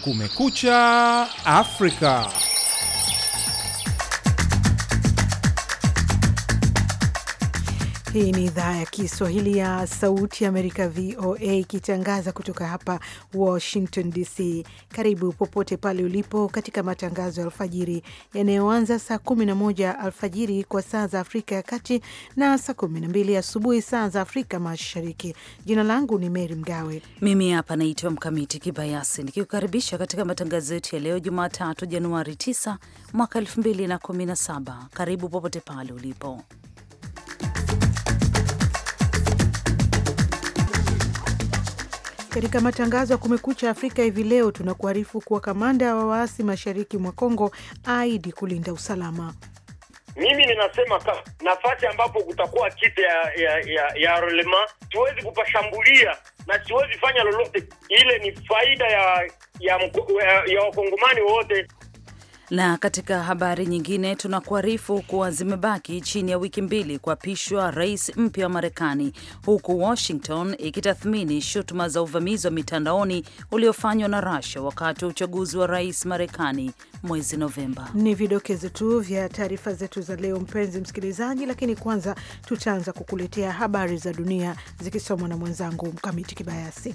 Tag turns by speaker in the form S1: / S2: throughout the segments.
S1: Kumekucha Afrika.
S2: Hii ni idhaa ya Kiswahili ya Sauti Amerika, VOA, ikitangaza kutoka hapa Washington DC. Karibu popote pale ulipo katika matangazo ya alfajiri yanayoanza saa 11 alfajiri kwa saa za Afrika ya Kati na saa 12 asubuhi saa za Afrika Mashariki. Jina langu ni Mary Mgawe,
S3: mimi hapa naitwa Mkamiti Kibayasi, nikikukaribisha katika matangazo yetu ya leo Jumatatu, Januari 9 mwaka 2017. Karibu popote pale ulipo
S2: Katika matangazo ya Kumekucha Afrika hivi leo, tunakuarifu kuwa kamanda wa waasi mashariki mwa Kongo aidi kulinda usalama.
S4: Mimi ninasema nafasi ambapo kutakuwa kite ya ya, ya, ya relema siwezi kupashambulia na siwezi fanya lolote, ile ni faida ya ya wakongomani
S3: wote. Na katika habari nyingine tunakuarifu kuwa zimebaki chini ya wiki mbili kuapishwa rais mpya wa Marekani, huku Washington ikitathmini shutuma za uvamizi wa mitandaoni uliofanywa na rasha wakati wa uchaguzi wa rais Marekani mwezi
S2: Novemba. Ni vidokezo tu vya taarifa zetu za leo, mpenzi msikilizaji, lakini kwanza tutaanza kukuletea habari za dunia zikisomwa na mwenzangu Mkamiti Kibayasi.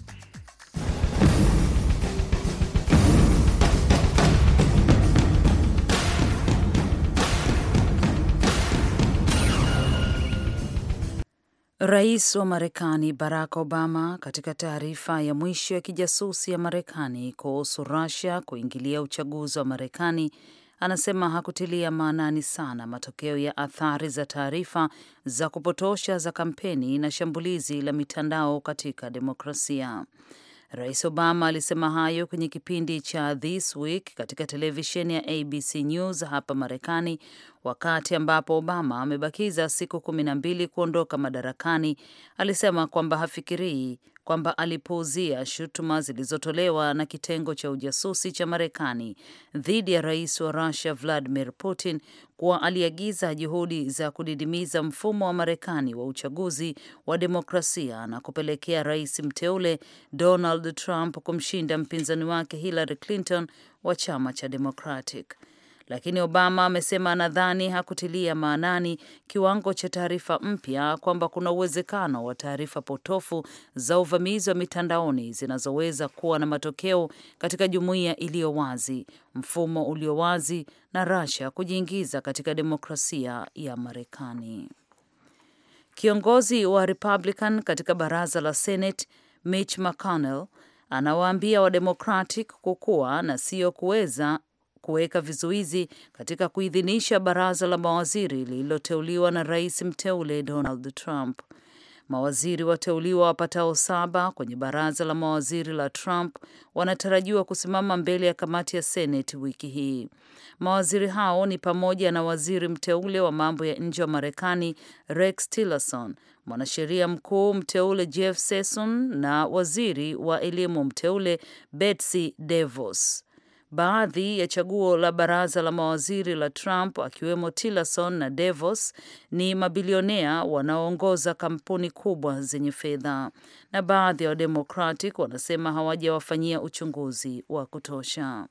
S3: Rais wa Marekani Barack Obama katika taarifa ya mwisho ya kijasusi ya Marekani kuhusu rusia kuingilia uchaguzi wa Marekani anasema hakutilia maanani sana matokeo ya athari za taarifa za kupotosha za kampeni na shambulizi la mitandao katika demokrasia. Rais Obama alisema hayo kwenye kipindi cha This Week katika televisheni ya ABC News hapa Marekani, wakati ambapo Obama amebakiza siku kumi na mbili kuondoka madarakani. Alisema kwamba hafikirii kwamba alipouzia shutuma zilizotolewa na kitengo cha ujasusi cha Marekani dhidi ya rais wa Rusia Vladimir Putin kuwa aliagiza juhudi za kudidimiza mfumo wa Marekani wa uchaguzi wa demokrasia na kupelekea rais mteule Donald Trump kumshinda mpinzani wake Hillary Clinton wa chama cha Democratic lakini Obama amesema anadhani hakutilia maanani kiwango cha taarifa mpya kwamba kuna uwezekano wa taarifa potofu za uvamizi wa mitandaoni zinazoweza kuwa na matokeo katika jumuiya iliyo wazi, mfumo ulio wazi na Russia kujiingiza katika demokrasia ya Marekani. Kiongozi wa Republican katika baraza la Senate Mitch McConnell anawaambia Wademokratic kukuwa na sio kuweza kuweka vizuizi katika kuidhinisha baraza la mawaziri lililoteuliwa na rais mteule Donald Trump. Mawaziri wateuliwa wapatao saba kwenye baraza la mawaziri la Trump wanatarajiwa kusimama mbele ya kamati ya Seneti wiki hii. Mawaziri hao ni pamoja na waziri mteule wa mambo ya nje wa Marekani Rex Tillerson, mwanasheria mkuu mteule Jeff Sessions na waziri wa elimu mteule Betsy DeVos. Baadhi ya chaguo la baraza la mawaziri la Trump, akiwemo Tillerson na Devos, ni mabilionea wanaoongoza kampuni kubwa zenye fedha, na baadhi ya wa Wademokratic wanasema hawajawafanyia uchunguzi wa kutosha.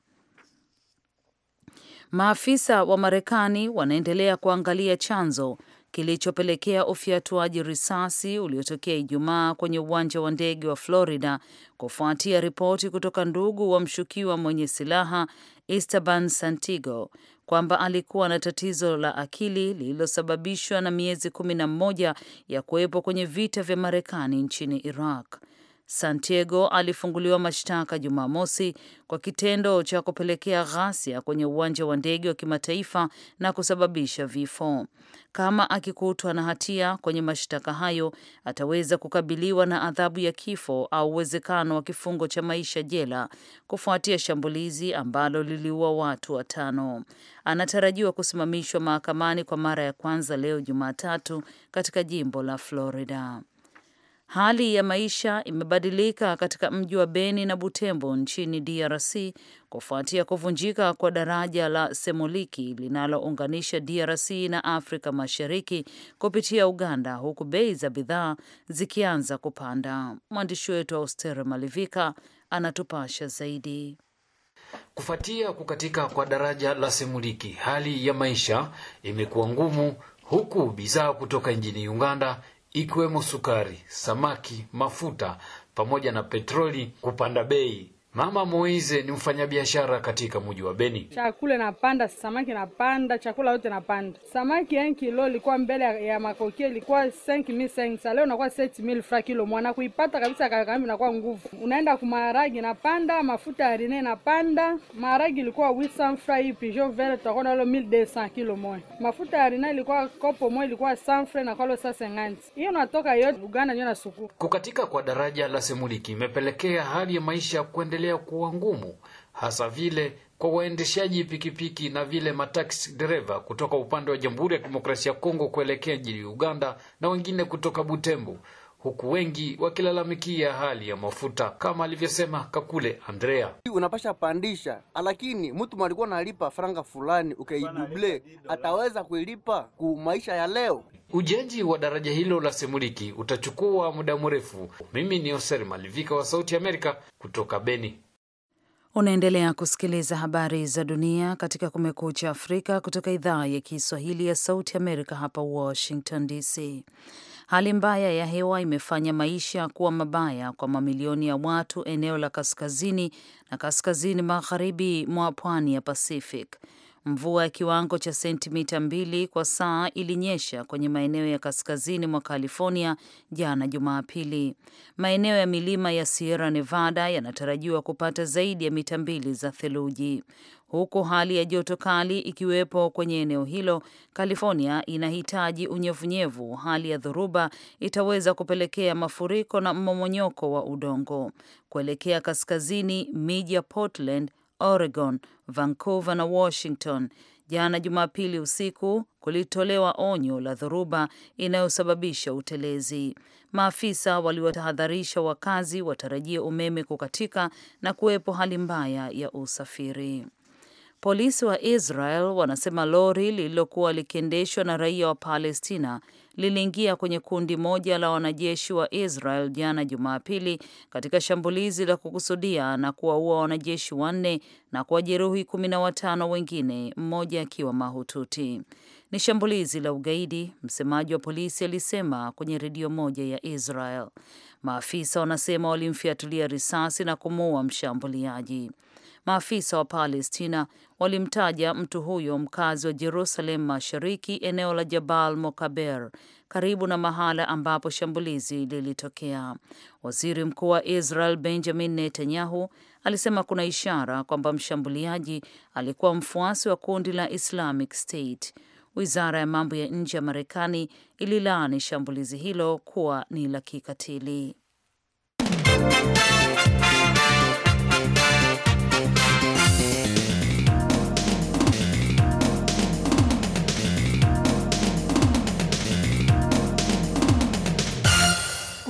S3: Maafisa wa Marekani wanaendelea kuangalia chanzo kilichopelekea ufyatuaji risasi uliotokea Ijumaa kwenye uwanja wa ndege wa Florida kufuatia ripoti kutoka ndugu wa mshukiwa mwenye silaha Esteban Santiago kwamba alikuwa na tatizo la akili lililosababishwa na miezi kumi na mmoja ya kuwepo kwenye vita vya Marekani nchini Iraq. Santiago alifunguliwa mashtaka Jumamosi kwa kitendo cha kupelekea ghasia kwenye uwanja wa ndege wa kimataifa na kusababisha vifo. Kama akikutwa na hatia kwenye mashtaka hayo, ataweza kukabiliwa na adhabu ya kifo au uwezekano wa kifungo cha maisha jela kufuatia shambulizi ambalo liliua watu watano. Anatarajiwa kusimamishwa mahakamani kwa mara ya kwanza leo Jumatatu katika jimbo la Florida. Hali ya maisha imebadilika katika mji wa Beni na Butembo nchini DRC kufuatia kuvunjika kwa daraja la Semuliki linalounganisha DRC na Afrika Mashariki kupitia Uganda, huku bei za bidhaa zikianza kupanda. Mwandishi wetu Auster Malivika anatupasha zaidi. Kufuatia kukatika
S5: kwa daraja la Semuliki, hali ya maisha imekuwa ngumu, huku bidhaa kutoka nchini Uganda ikiwemo sukari, samaki, mafuta pamoja na petroli kupanda bei Mama Moize ni mfanyabiashara katika mji wa Beni.
S2: Chakula napanda, samaki napanda, chakula yote napanda. Samaki yani kilo ilikuwa mbele ya makokie ilikuwa 5500, sasa leo nakuwa 7000 fra kilo. Mwana kuipata kabisa kakambi nakuwa nguvu. Unaenda kumaragi napanda, mafuta ya rine napanda. Maragi ilikuwa 800 fra hii Peugeot Vert tutakuwa leo 1200 kilo moja. Mafuta ya rine ilikuwa kopo moja ilikuwa 100 fra na kwa leo sasa 50. Hiyo natoka yote Uganda nyo na suku.
S5: Kukatika kwa daraja la Semuliki imepelekea hali ya maisha kuendelea zinaendelea kuwa ngumu, hasa vile kwa waendeshaji pikipiki na vile mataksi dereva kutoka upande wa Jamhuri ya Kidemokrasia ya Kongo kuelekea jijini Uganda na wengine kutoka Butembo huku wengi wakilalamikia hali ya mafuta kama alivyosema Kakule Andrea. Unapasha pandisha, lakini mtu mwalikuwa nalipa franga fulani ukaiduble, ataweza kuilipa ku maisha ya leo? Ujenzi wa daraja hilo la Semuliki utachukua muda mrefu. Mimi ni Oser Malivika wa Sauti Amerika kutoka Beni.
S3: Unaendelea kusikiliza habari za dunia katika Kumekucha Afrika kutoka idhaa ya Kiswahili ya Sauti Amerika hapa Washington DC. Hali mbaya ya hewa imefanya maisha kuwa mabaya kwa mamilioni ya watu eneo la kaskazini na kaskazini magharibi mwa pwani ya Pacific. Mvua ya kiwango cha sentimita mbili kwa saa ilinyesha kwenye maeneo ya kaskazini mwa California jana Jumapili. Maeneo ya milima ya Sierra Nevada yanatarajiwa kupata zaidi ya mita mbili za theluji huku hali ya joto kali ikiwepo kwenye eneo hilo. California inahitaji unyevunyevu. Hali ya dhoruba itaweza kupelekea mafuriko na mmomonyoko wa udongo. Kuelekea kaskazini, miji ya Portland, Oregon, Vancouver na Washington Jana Jumapili usiku kulitolewa onyo la dhoruba inayosababisha utelezi. Maafisa waliwatahadharisha wakazi watarajia umeme kukatika na kuwepo hali mbaya ya usafiri. Polisi wa Israel wanasema lori lililokuwa likiendeshwa na raia wa Palestina liliingia kwenye kundi moja la wanajeshi wa Israel jana Jumapili katika shambulizi la kukusudia na kuwaua wanajeshi wanne na kuwajeruhi kumi na watano wengine, mmoja akiwa mahututi. Ni shambulizi la ugaidi, msemaji wa polisi alisema kwenye redio moja ya Israel. Maafisa wanasema walimfiatulia risasi na kumuua mshambuliaji. Maafisa wa Palestina walimtaja mtu huyo, mkazi wa Jerusalem Mashariki, eneo la Jabal Mokaber, karibu na mahala ambapo shambulizi lilitokea. Waziri Mkuu wa Israel Benjamin Netanyahu alisema kuna ishara kwamba mshambuliaji alikuwa mfuasi wa kundi la Islamic State. Wizara ya mambo ya nje ya Marekani ililaani shambulizi hilo kuwa ni la kikatili.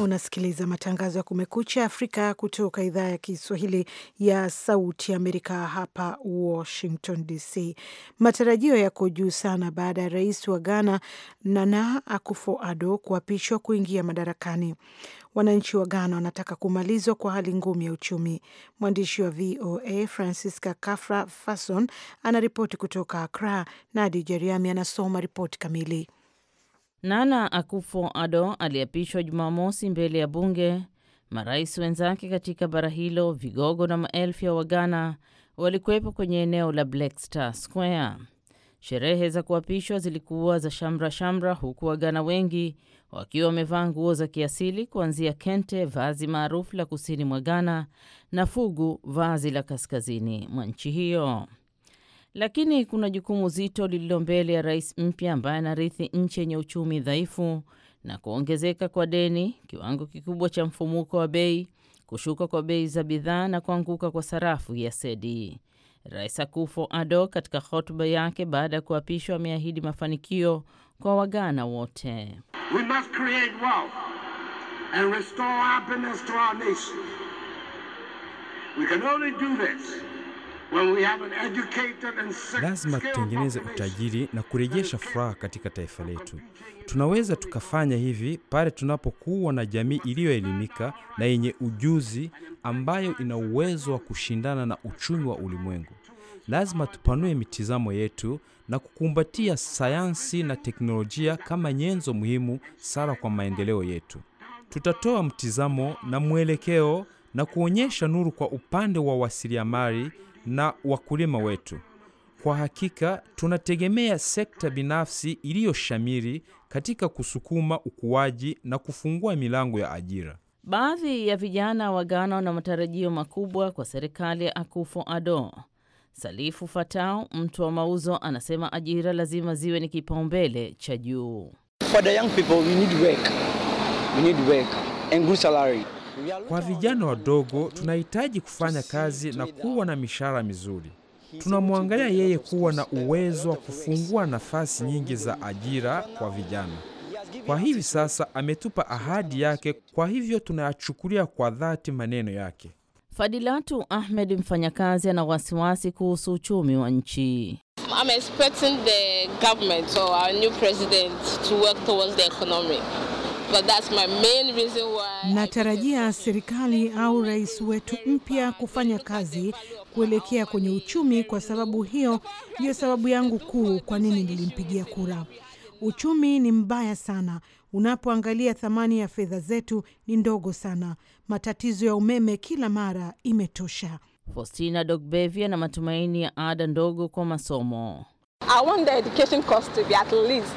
S2: Unasikiliza matangazo ya Kumekucha Afrika kutoka idhaa ya Kiswahili ya Sauti Amerika, hapa Washington DC. Matarajio yako juu sana baada ya rais wa Ghana Nana Akufo-Addo kuapishwa kuingia madarakani. Wananchi wa Ghana wanataka kumalizwa kwa hali ngumu ya uchumi. Mwandishi wa VOA Francisca Kafra Fason anaripoti kutoka acra na Adi Jeriami anasoma ripoti kamili.
S6: Nana akufo ado aliapishwa Jumamosi mbele ya bunge. Marais wenzake katika bara hilo, vigogo na maelfu ya Waghana walikuwepo kwenye eneo la Black Star Square. Sherehe za kuapishwa zilikuwa za shamra shamra, huku Waghana wengi wakiwa wamevaa nguo za kiasili kuanzia kente, vazi maarufu la kusini mwa Ghana, na fugu, vazi la kaskazini mwa nchi hiyo lakini kuna jukumu zito lililo mbele ya rais mpya ambaye anarithi nchi yenye uchumi dhaifu na kuongezeka kwa deni, kiwango kikubwa cha mfumuko wa bei, kushuka kwa bei za bidhaa na kuanguka kwa sarafu ya sedi. Rais akufo ado katika hotuba yake baada ya kuapishwa ameahidi mafanikio kwa Wagana wote.
S4: We must create wealth and restore happiness to our nation. We can only do this Lazima tutengeneze
S1: utajiri na kurejesha furaha katika taifa letu. Tunaweza tukafanya hivi pale tunapokuwa na jamii iliyoelimika na yenye ujuzi ambayo ina uwezo wa kushindana na uchumi wa ulimwengu. Lazima tupanue mitizamo yetu na kukumbatia sayansi na teknolojia kama nyenzo muhimu sana kwa maendeleo yetu. Tutatoa mtizamo na mwelekeo na kuonyesha nuru kwa upande wa wasiliamali na wakulima wetu. Kwa hakika tunategemea sekta binafsi iliyoshamiri katika kusukuma ukuaji na kufungua milango ya ajira.
S6: Baadhi ya vijana wa Ghana wana matarajio makubwa kwa serikali ya akufo ado Salifu Fatau, mtu wa mauzo, anasema ajira lazima ziwe ni kipaumbele cha juu.
S1: Kwa vijana wadogo tunahitaji kufanya kazi na kuwa na mishahara mizuri. Tunamwangalia yeye kuwa na uwezo wa kufungua nafasi nyingi za ajira kwa vijana. Kwa hivi sasa ametupa ahadi yake, kwa hivyo tunayachukulia kwa dhati maneno
S6: yake. Fadilatu Ahmed, mfanyakazi, ana wasiwasi kuhusu uchumi wa nchi. I'm expecting the government or our new president to work towards the But that's my main reason why.
S2: Natarajia serikali au rais wetu mpya kufanya kazi kuelekea kwenye uchumi. Kwa sababu hiyo ndiyo sababu yangu kuu kwa nini nilimpigia kura. Uchumi ni mbaya sana. Unapoangalia thamani ya fedha zetu ni ndogo sana. Matatizo ya umeme kila mara imetosha.
S6: Faustina Dogbevia na matumaini ya ada ndogo kwa
S2: masomo. I want the education cost to
S6: be at least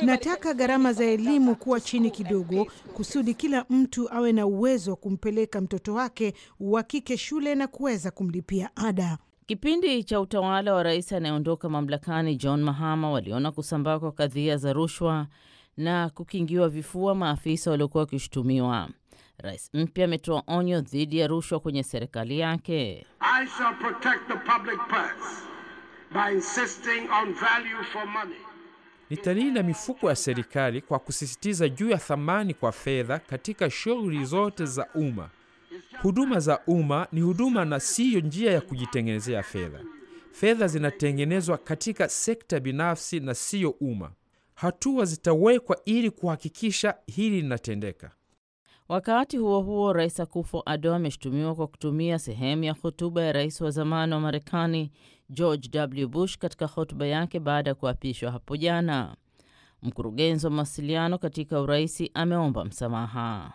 S2: Nataka gharama za elimu kuwa chini kidogo kusudi kila mtu awe na uwezo wa kumpeleka mtoto wake wa kike shule na kuweza kumlipia ada.
S6: Kipindi cha utawala wa rais anayeondoka mamlakani John Mahama waliona kusambaa kwa kadhia za rushwa na kukingiwa vifua maafisa waliokuwa wakishutumiwa. Rais mpya ametoa onyo dhidi ya rushwa kwenye serikali yake.
S4: I shall protect the public purse by insisting on value for money
S6: italinda mifuko
S1: ya serikali kwa kusisitiza juu ya thamani kwa fedha katika shughuli zote za umma. Huduma za umma ni huduma na siyo njia ya kujitengenezea fedha. Fedha zinatengenezwa katika sekta binafsi na siyo umma. Hatua zitawekwa ili kuhakikisha hili linatendeka.
S6: Wakati huo huo, Rais Akufo ado ameshutumiwa kwa kutumia sehemu ya hotuba ya rais wa zamani wa Marekani George W. Bush katika hotuba yake baada ya kuapishwa hapo jana. Mkurugenzi wa mawasiliano katika uraisi ameomba msamaha.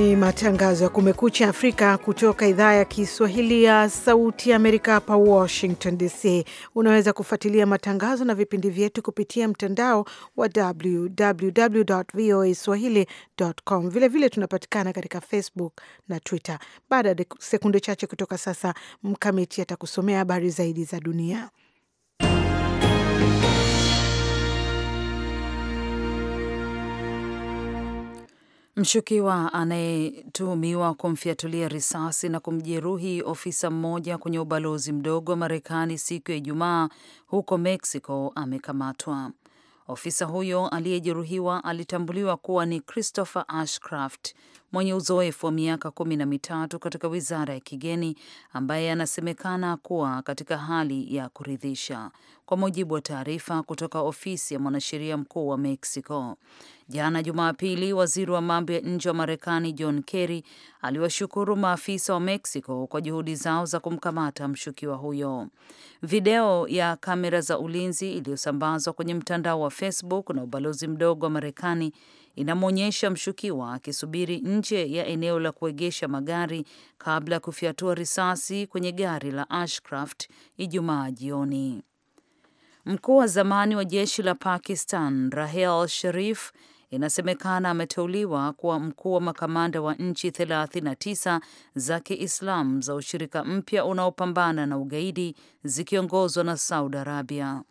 S2: ni matangazo ya Kumekucha Afrika kutoka idhaa ya Kiswahili ya Sauti ya Amerika, hapa Washington DC. Unaweza kufuatilia matangazo na vipindi vyetu kupitia mtandao wa www voa swahili.com. Vilevile tunapatikana katika Facebook na Twitter. Baada ya sekunde chache kutoka sasa, Mkamiti atakusomea habari zaidi za dunia.
S3: Mshukiwa anayetuhumiwa kumfiatulia risasi na kumjeruhi ofisa mmoja kwenye ubalozi mdogo wa Marekani siku ya Ijumaa huko Mexico amekamatwa. Ofisa huyo aliyejeruhiwa alitambuliwa kuwa ni Christopher Ashcraft mwenye uzoefu wa miaka kumi na mitatu katika wizara ya kigeni ambaye anasemekana kuwa katika hali ya kuridhisha, kwa mujibu wa taarifa kutoka ofisi ya mwanasheria mkuu wa Mexico. Jana Jumapili, waziri wa mambo ya nje wa Marekani John Kerry aliwashukuru maafisa wa Mexico kwa juhudi zao za kumkamata mshukiwa huyo. Video ya kamera za ulinzi iliyosambazwa kwenye mtandao wa Facebook na ubalozi mdogo wa Marekani inamwonyesha mshukiwa akisubiri nje ya eneo la kuegesha magari kabla ya kufyatua risasi kwenye gari la Ashcraft Ijumaa jioni. Mkuu wa zamani wa jeshi la Pakistan Rahel Sharif inasemekana ameteuliwa kuwa mkuu wa makamanda wa nchi 39 za Kiislamu za ushirika mpya unaopambana na ugaidi zikiongozwa na Saudi Arabia.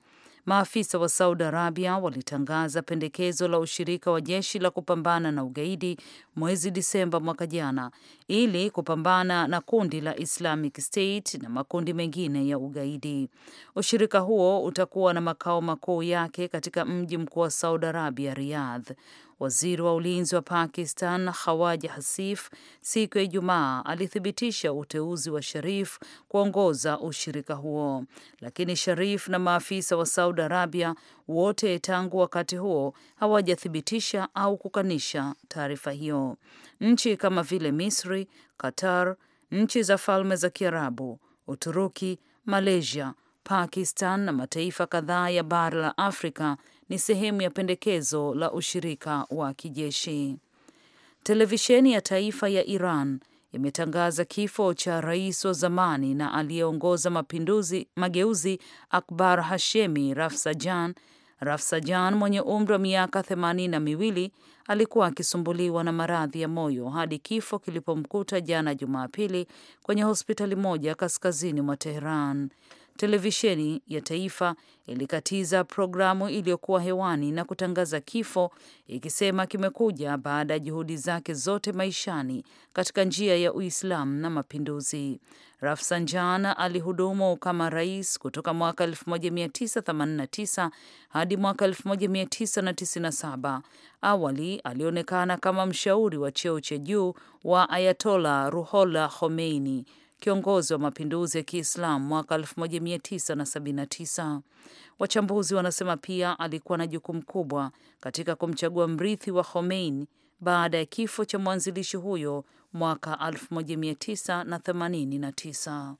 S3: Maafisa wa Saudi Arabia walitangaza pendekezo la ushirika wa jeshi la kupambana na ugaidi mwezi Disemba mwaka jana ili kupambana na kundi la Islamic State na makundi mengine ya ugaidi. Ushirika huo utakuwa na makao makuu yake katika mji mkuu wa Saudi Arabia, Riyadh. Waziri wa ulinzi wa Pakistan Khawaja Hasif siku ya Ijumaa alithibitisha uteuzi wa Sharif kuongoza ushirika huo, lakini Sharif na maafisa wa Saudi Arabia wote tangu wakati huo hawajathibitisha au kukanisha taarifa hiyo. Nchi kama vile Misri, Qatar, nchi za Falme za Kiarabu, Uturuki, Malaysia, Pakistan na mataifa kadhaa ya bara la Afrika ni sehemu ya pendekezo la ushirika wa kijeshi. Televisheni ya taifa ya Iran imetangaza kifo cha rais wa zamani na aliyeongoza mapinduzi mageuzi Akbar Hashemi Rafsajan. Rafsajan mwenye umri wa miaka themanini na miwili alikuwa akisumbuliwa na maradhi ya moyo hadi kifo kilipomkuta jana Jumapili kwenye hospitali moja kaskazini mwa Teheran televisheni ya taifa ilikatiza programu iliyokuwa hewani na kutangaza kifo, ikisema kimekuja baada ya juhudi zake zote maishani katika njia ya Uislamu na mapinduzi. Rafsanjana alihudumu kama rais kutoka mwaka 1989 hadi mwaka 1997. Awali alionekana kama mshauri wa cheo cha juu wa Ayatola ruhola Khomeini kiongozi wa mapinduzi ya Kiislamu mwaka 1979. Wachambuzi wanasema pia alikuwa na jukumu kubwa katika kumchagua mrithi wa Khomeini baada ya kifo cha mwanzilishi huyo mwaka 1989.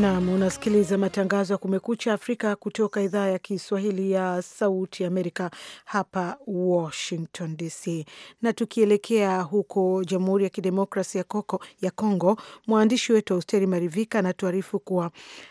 S2: Naam, unasikiliza matangazo ya Kumekucha Afrika kutoka idhaa ya Kiswahili ya Sauti Amerika hapa Washington DC. Na tukielekea huko Jamhuri ya kidemokrasi ya congo mwandishi wetu Austeri Marivika anatuarifu kuwa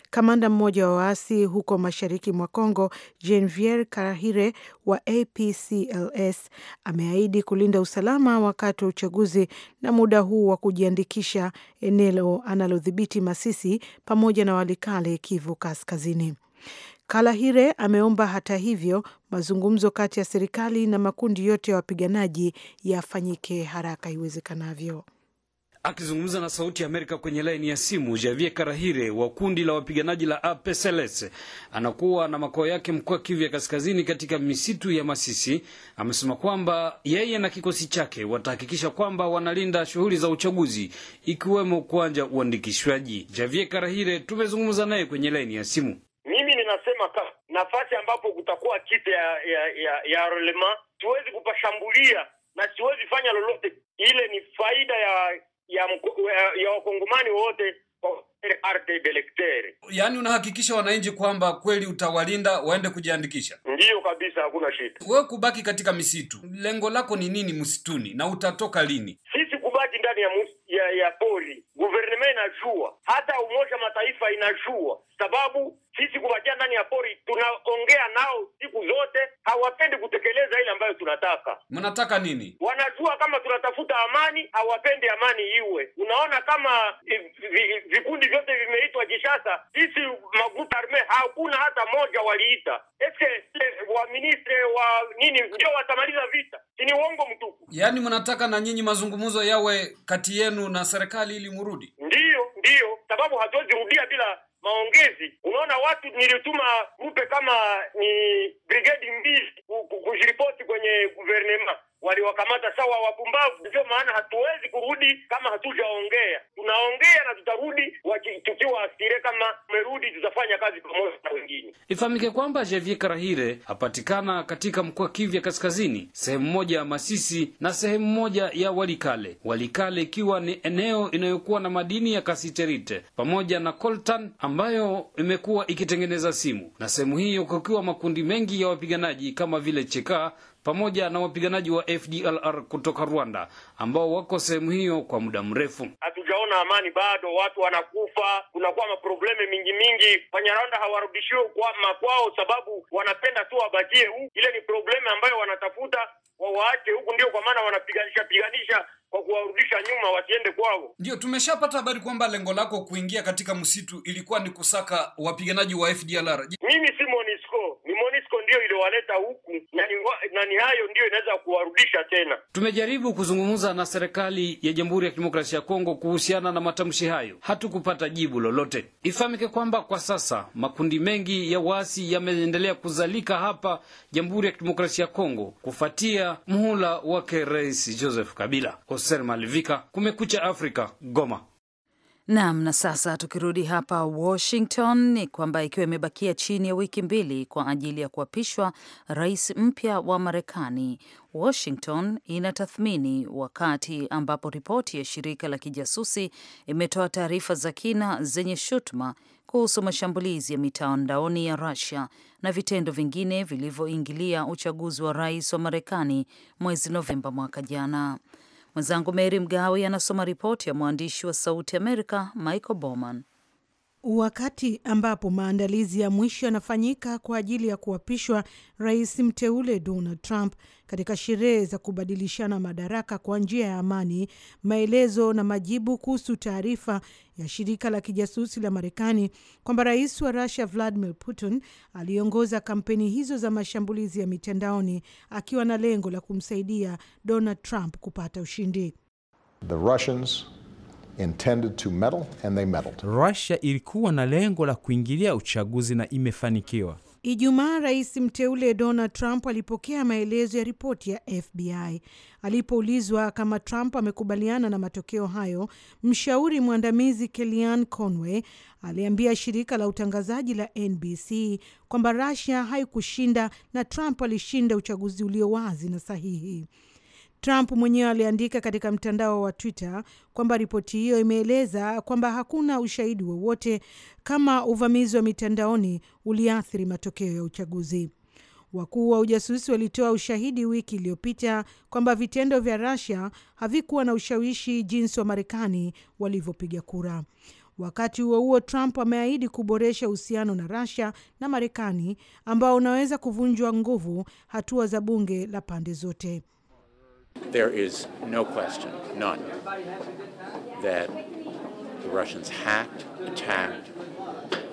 S2: kamanda mmoja wa waasi huko mashariki mwa congo jenvier Karahire wa APCLS ameahidi kulinda usalama wakati wa uchaguzi na muda huu wa kujiandikisha eneo analodhibiti Masisi pamoja pamoja na Walikale, Kivu Kaskazini. Kalahire ameomba hata hivyo mazungumzo kati ya serikali na makundi yote ya wapiganaji yafanyike haraka iwezekanavyo.
S5: Akizungumza na Sauti ya Amerika kwenye laini ya simu, Javier Karahire wa kundi la wapiganaji la APCLS anakuwa na makao yake mkoa Kivu ya Kaskazini, katika misitu ya Masisi, amesema kwamba yeye na kikosi chake watahakikisha kwamba wanalinda shughuli za uchaguzi ikiwemo kuanja uandikishwaji. Javier Karahire tumezungumza naye kwenye laini ya simu.
S4: Mimi ninasema ka nafasi ambapo kutakuwa kite ya ya ya, ya relema, siwezi kupashambulia na siwezi fanya lolote. Ile ni faida ya ya ya wakongomani wote carte d'electeur,
S5: yaani unahakikisha wananchi kwamba kweli utawalinda waende kujiandikisha. Ndiyo kabisa, hakuna shida. Wewe kubaki katika misitu, lengo lako ni nini msituni na utatoka lini?
S4: Sisi kubaki ndani ya, ya, ya pori, guverneme inajua, hata Umoja Mataifa inajua sababu sisi kuwajia ndani ya pori tunaongea nao siku zote, hawapendi kutekeleza ile ambayo tunataka. Mnataka nini? Wanajua kama tunatafuta amani, hawapendi amani iwe. Unaona kama eh, vikundi vyote vimeitwa Kishasa, sisi maguta arme hakuna hata moja waliita. Eske eh, wa ministre wa nini ndio watamaliza vita? Ni uongo mtupu.
S5: Yaani mnataka na nyinyi mazungumzo yawe kati yenu na serikali ili murudi?
S4: Ndiyo, ndiyo, sababu hatuwezi rudia bila maongezi. Unaona, watu nilituma mupe kama ni brigade mbili kujiripoti kwenye guvernema waliwakamata sawa wapumbavu. Ndio maana hatuwezi kurudi kama hatujaongea. Tunaongea na tutarudi tukiwa asire, kama tumerudi tutafanya kazi pamoja na
S5: wengine. Ifahamike kwamba Javier Karahire hapatikana katika mkoa Kivu ya Kaskazini, sehemu moja ya Masisi na sehemu moja ya Walikale, Walikale ikiwa ni eneo inayokuwa na madini ya kasiterite pamoja na coltan ambayo imekuwa ikitengeneza simu, na sehemu hiyo kukiwa makundi mengi ya wapiganaji kama vile Cheka pamoja na wapiganaji wa FDLR kutoka Rwanda ambao wako sehemu hiyo kwa muda mrefu.
S4: Hatujaona amani bado, watu wanakufa, kunakuwa maprobleme mingi mingi. Wanyarwanda hawarudishiwe kwa makwao, sababu wanapenda tu wabakie huku. Ile ni probleme ambayo wanatafuta wawaache huku, ndio kwa maana wanapiganisha piganisha kwa kuwarudisha
S5: nyuma wasiende kwao. Ndio tumeshapata habari kwamba lengo lako kuingia katika msitu ilikuwa ni
S4: kusaka wapiganaji wa FDLR. Mimi si Monisco, ndio iliwaleta huku na ni hayo ndio inaweza kuwarudisha tena.
S5: Tumejaribu kuzungumza na serikali ya Jamhuri ya Kidemokrasia ya Kongo kuhusiana na matamshi hayo, hatukupata jibu lolote. Ifahamike kwamba kwa sasa makundi mengi ya waasi yameendelea kuzalika hapa Jamhuri ya Kidemokrasia ya Kongo kufuatia mhula wake Rais Joseph Kabila. Hoser Malivika, Kumekucha Afrika, Goma.
S3: Naam, na sasa tukirudi hapa Washington ni kwamba ikiwa imebakia chini ya wiki mbili kwa ajili ya kuapishwa rais mpya wa Marekani, Washington inatathmini wakati ambapo ripoti ya shirika la kijasusi imetoa taarifa za kina zenye shutuma kuhusu mashambulizi ya mitandaoni ya Russia na vitendo vingine vilivyoingilia uchaguzi wa rais wa Marekani mwezi Novemba mwaka jana. Mwenzangu Mary Mgawe anasoma ripoti ya mwandishi wa Sauti Amerika Michael Bowman.
S2: Wakati ambapo maandalizi ya mwisho yanafanyika kwa ajili ya kuapishwa rais mteule Donald Trump katika sherehe za kubadilishana madaraka kwa njia ya amani, maelezo na majibu kuhusu taarifa ya shirika la kijasusi la Marekani kwamba rais wa rusia Vladimir Putin aliongoza kampeni hizo za mashambulizi ya mitandaoni akiwa na lengo la kumsaidia Donald Trump kupata ushindi.
S1: The Russians intended to meddle and they meddled. Russia ilikuwa na lengo la kuingilia uchaguzi na imefanikiwa.
S2: Ijumaa, rais mteule Donald Trump alipokea maelezo ya ripoti ya FBI. Alipoulizwa kama Trump amekubaliana na matokeo hayo, mshauri mwandamizi Kellyanne Conway aliambia shirika la utangazaji la NBC kwamba Russia haikushinda na Trump alishinda uchaguzi ulio wazi na sahihi. Trump mwenyewe aliandika katika mtandao wa Twitter kwamba ripoti hiyo imeeleza kwamba hakuna ushahidi wowote kama uvamizi wa mitandaoni uliathiri matokeo ya uchaguzi. Wakuu wa ujasusi walitoa ushahidi wiki iliyopita kwamba vitendo vya Russia havikuwa na ushawishi jinsi wa Marekani walivyopiga kura. Wakati huo huo, Trump ameahidi kuboresha uhusiano na Russia na Marekani ambao unaweza kuvunjwa nguvu hatua za bunge la pande zote. There is no question, none,
S1: that the Russians hacked, attacked,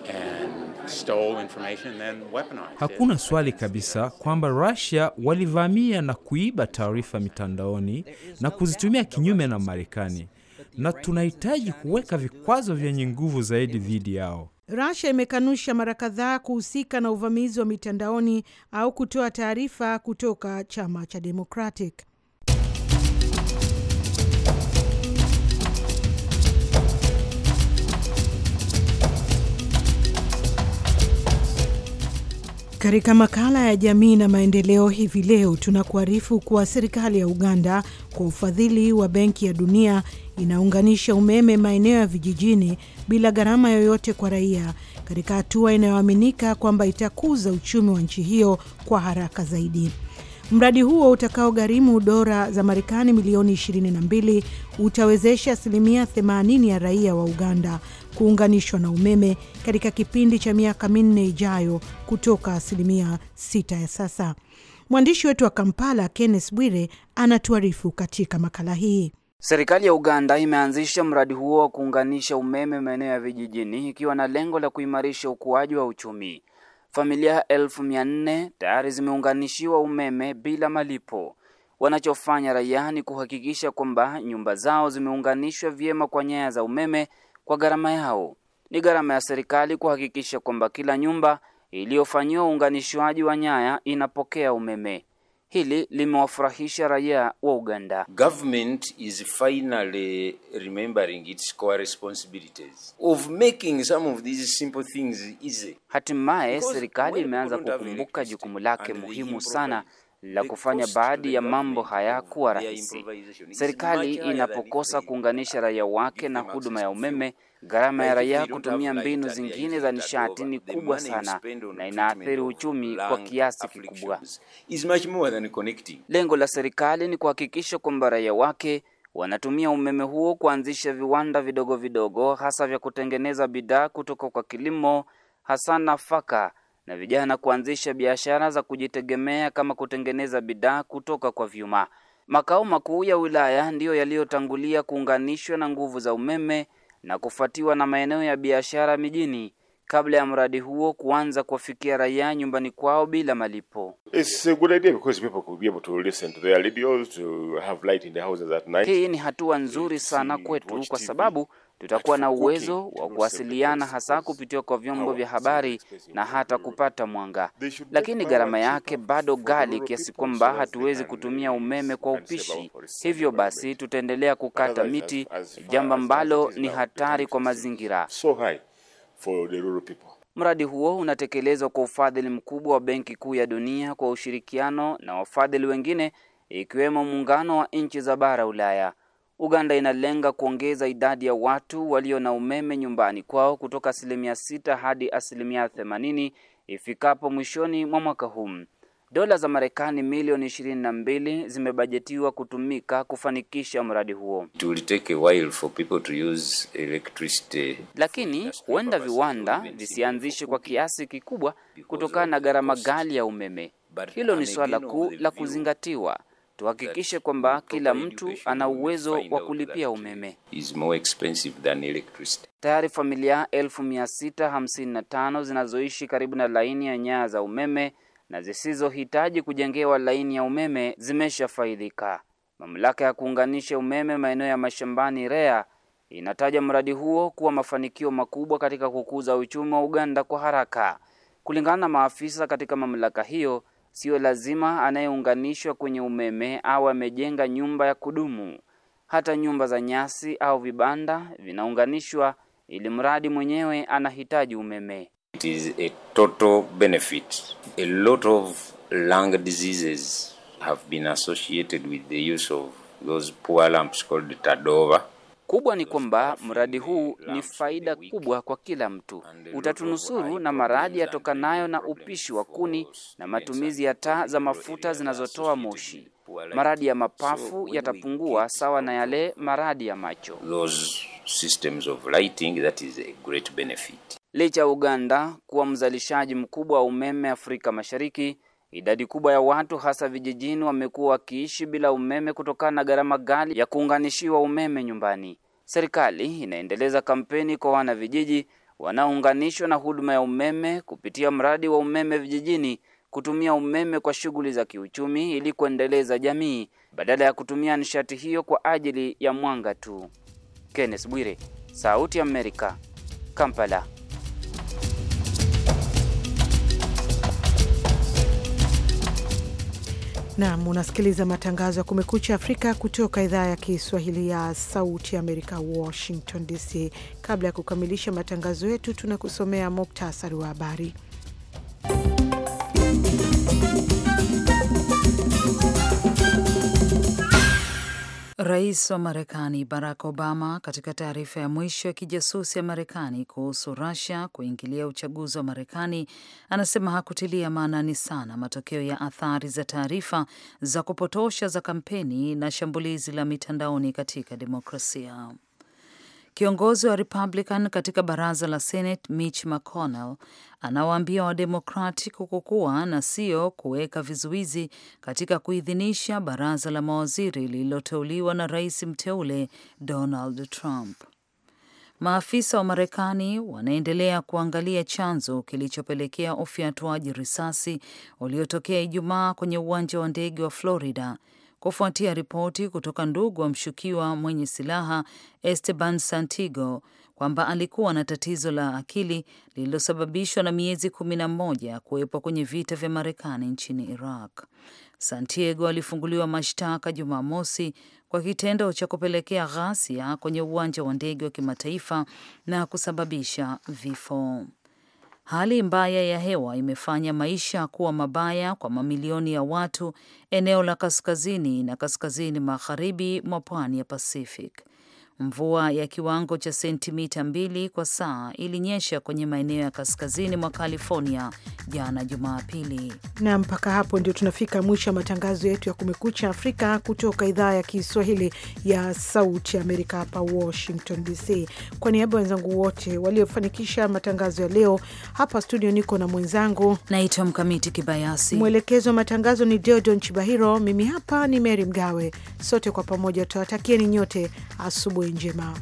S1: and stole information then weaponized. Hakuna swali kabisa kwamba Russia walivamia na kuiba taarifa mitandaoni na kuzitumia kinyume na Marekani, na tunahitaji kuweka vikwazo vyenye nguvu zaidi dhidi yao.
S2: Russia imekanusha mara kadhaa kuhusika na uvamizi wa mitandaoni au kutoa taarifa kutoka chama cha Democratic. Katika makala ya jamii na maendeleo hivi leo tunakuarifu kuwa serikali ya Uganda kwa ufadhili wa Benki ya Dunia inaunganisha umeme maeneo ya vijijini bila gharama yoyote kwa raia, katika hatua inayoaminika kwamba itakuza uchumi wa nchi hiyo kwa haraka zaidi. Mradi huo utakaogharimu dola za Marekani milioni 22 utawezesha asilimia 80 ya raia wa Uganda kuunganishwa na umeme katika kipindi cha miaka minne ijayo kutoka asilimia sita ya sasa. Mwandishi wetu wa Kampala Kenneth Bwire anatuarifu katika makala hii.
S7: Serikali ya Uganda imeanzisha mradi huo wa kuunganisha umeme maeneo ya vijijini ikiwa na lengo la kuimarisha ukuaji wa uchumi. Familia elfu mia nne tayari zimeunganishiwa umeme bila malipo. Wanachofanya raia ni kuhakikisha kwamba nyumba zao zimeunganishwa vyema kwa nyaya za umeme kwa gharama yao. Ni gharama ya serikali kuhakikisha kwamba kila nyumba iliyofanyiwa uunganishwaji wa nyaya inapokea umeme. Hili limewafurahisha raia wa Uganda.
S1: Government is finally remembering its core responsibilities
S7: of making some of these simple things easy. Hatimaye serikali imeanza kukumbuka jukumu lake muhimu sana la kufanya baadhi ya mambo haya kuwa rahisi. Serikali inapokosa kuunganisha raia wake na huduma ya umeme, gharama ya raia kutumia mbinu zingine za nishati ni kubwa sana na inaathiri uchumi kwa kiasi kikubwa. Lengo la serikali ni kuhakikisha kwamba raia wake wanatumia umeme huo kuanzisha viwanda vidogo vidogo, hasa vya kutengeneza bidhaa kutoka kwa kilimo, hasa nafaka na vijana kuanzisha biashara za kujitegemea kama kutengeneza bidhaa kutoka kwa vyuma. Makao makuu ya wilaya ndiyo yaliyotangulia kuunganishwa na nguvu za umeme na kufuatiwa na maeneo ya biashara mijini kabla ya mradi huo kuanza kuwafikia raia nyumbani kwao bila malipo. Hii ni hatua nzuri sana kwetu kwa sababu tutakuwa na uwezo wa kuwasiliana hasa kupitia kwa vyombo vya habari na hata kupata mwanga, lakini gharama yake bado ghali kiasi kwamba hatuwezi kutumia umeme kwa upishi. Hivyo basi tutaendelea kukata miti, jambo ambalo ni hatari kwa mazingira. Mradi huo unatekelezwa kwa ufadhili mkubwa wa Benki Kuu ya Dunia kwa ushirikiano na wafadhili wengine ikiwemo muungano wa nchi za bara Ulaya. Uganda inalenga kuongeza idadi ya watu walio na umeme nyumbani kwao kutoka asilimia sita hadi asilimia themanini ifikapo mwishoni mwa mwaka huu. Dola za Marekani milioni 22 mbili zimebajetiwa kutumika kufanikisha mradi huo.
S5: It will take a while for people to use electricity.
S7: Lakini huenda viwanda visianzishe kwa kiasi kikubwa kutokana na gharama ghali ya umeme. Hilo ni swala kuu la kuzingatiwa Tuhakikishe kwamba kila mtu ana uwezo wa kulipia umeme. Tayari familia 655 zinazoishi karibu na laini ya nyaya za umeme na zisizohitaji kujengewa laini ya umeme zimeshafaidhika. Mamlaka ya kuunganisha umeme maeneo ya mashambani REA inataja mradi huo kuwa mafanikio makubwa katika kukuza uchumi wa Uganda kwa haraka. Kulingana na maafisa katika mamlaka hiyo Sio lazima anayeunganishwa kwenye umeme au amejenga nyumba ya kudumu. Hata nyumba za nyasi au vibanda vinaunganishwa, ili mradi mwenyewe anahitaji umeme.
S1: It is a total benefit. A lot of lung diseases have been associated with the use of those lamps called Tadova.
S7: Kubwa ni kwamba mradi huu ni faida kubwa kwa kila mtu, utatunusuru na maradhi yatokanayo na upishi wa kuni na matumizi ya taa za mafuta zinazotoa moshi. Maradhi ya mapafu yatapungua sawa na yale maradhi ya macho. Licha ya Uganda kuwa mzalishaji mkubwa wa umeme Afrika Mashariki, Idadi kubwa ya watu hasa vijijini wamekuwa wakiishi bila umeme kutokana na gharama ghali ya kuunganishiwa umeme nyumbani. Serikali inaendeleza kampeni kwa wana vijiji wanaounganishwa na huduma ya umeme kupitia mradi wa umeme vijijini kutumia umeme kwa shughuli za kiuchumi ili kuendeleza jamii badala ya kutumia nishati hiyo kwa ajili ya mwanga tu. Kenneth Bwire, Sauti ya Amerika, Kampala.
S2: Nam unasikiliza matangazo ya Kumekucha Afrika kutoka idhaa ya Kiswahili ya Sauti ya Amerika, Washington DC. Kabla ya kukamilisha matangazo yetu, tunakusomea muktasari wa habari.
S3: Rais wa Marekani Barack Obama katika taarifa ya mwisho ya kijasusi ya Marekani kuhusu rasia kuingilia uchaguzi wa Marekani anasema hakutilia maanani sana matokeo ya athari za taarifa za kupotosha za kampeni na shambulizi la mitandaoni katika demokrasia. Kiongozi wa Republican katika baraza la Senate Mitch McConnell anawaambia Wademokrati kukukua na sio kuweka vizuizi katika kuidhinisha baraza la mawaziri lililoteuliwa na rais mteule Donald Trump. Maafisa wa Marekani wanaendelea kuangalia chanzo kilichopelekea ufyatuaji risasi uliotokea Ijumaa kwenye uwanja wa ndege wa Florida kufuatia ripoti kutoka ndugu wa mshukiwa mwenye silaha Esteban Santiago kwamba alikuwa na tatizo la akili lililosababishwa na miezi kumi na moja kuwepwa kuwepo kwenye vita vya Marekani nchini Iraq. Santiago alifunguliwa mashtaka Jumamosi kwa kitendo cha kupelekea ghasia kwenye uwanja wa ndege wa kimataifa na kusababisha vifo. Hali mbaya ya hewa imefanya maisha kuwa mabaya kwa mamilioni ya watu eneo la kaskazini na kaskazini magharibi mwa pwani ya Pacific. Mvua ya kiwango cha sentimita mbili kwa saa ilinyesha kwenye maeneo ya kaskazini mwa California
S2: jana Jumapili. Na mpaka hapo ndio tunafika mwisho wa matangazo yetu ya Kumekucha Afrika kutoka idhaa ya Kiswahili ya Sauti ya Amerika hapa Washington DC. Kwa niaba ya wenzangu wote waliofanikisha matangazo ya leo hapa studio, niko na mwenzangu naitwa Mkamiti Kibayasi. Mwelekezo wa matangazo ni Deodon Chibahiro. Mimi hapa ni Mary Mgawe. Sote kwa pamoja tuwatakieni nyote asubuhi 林建华。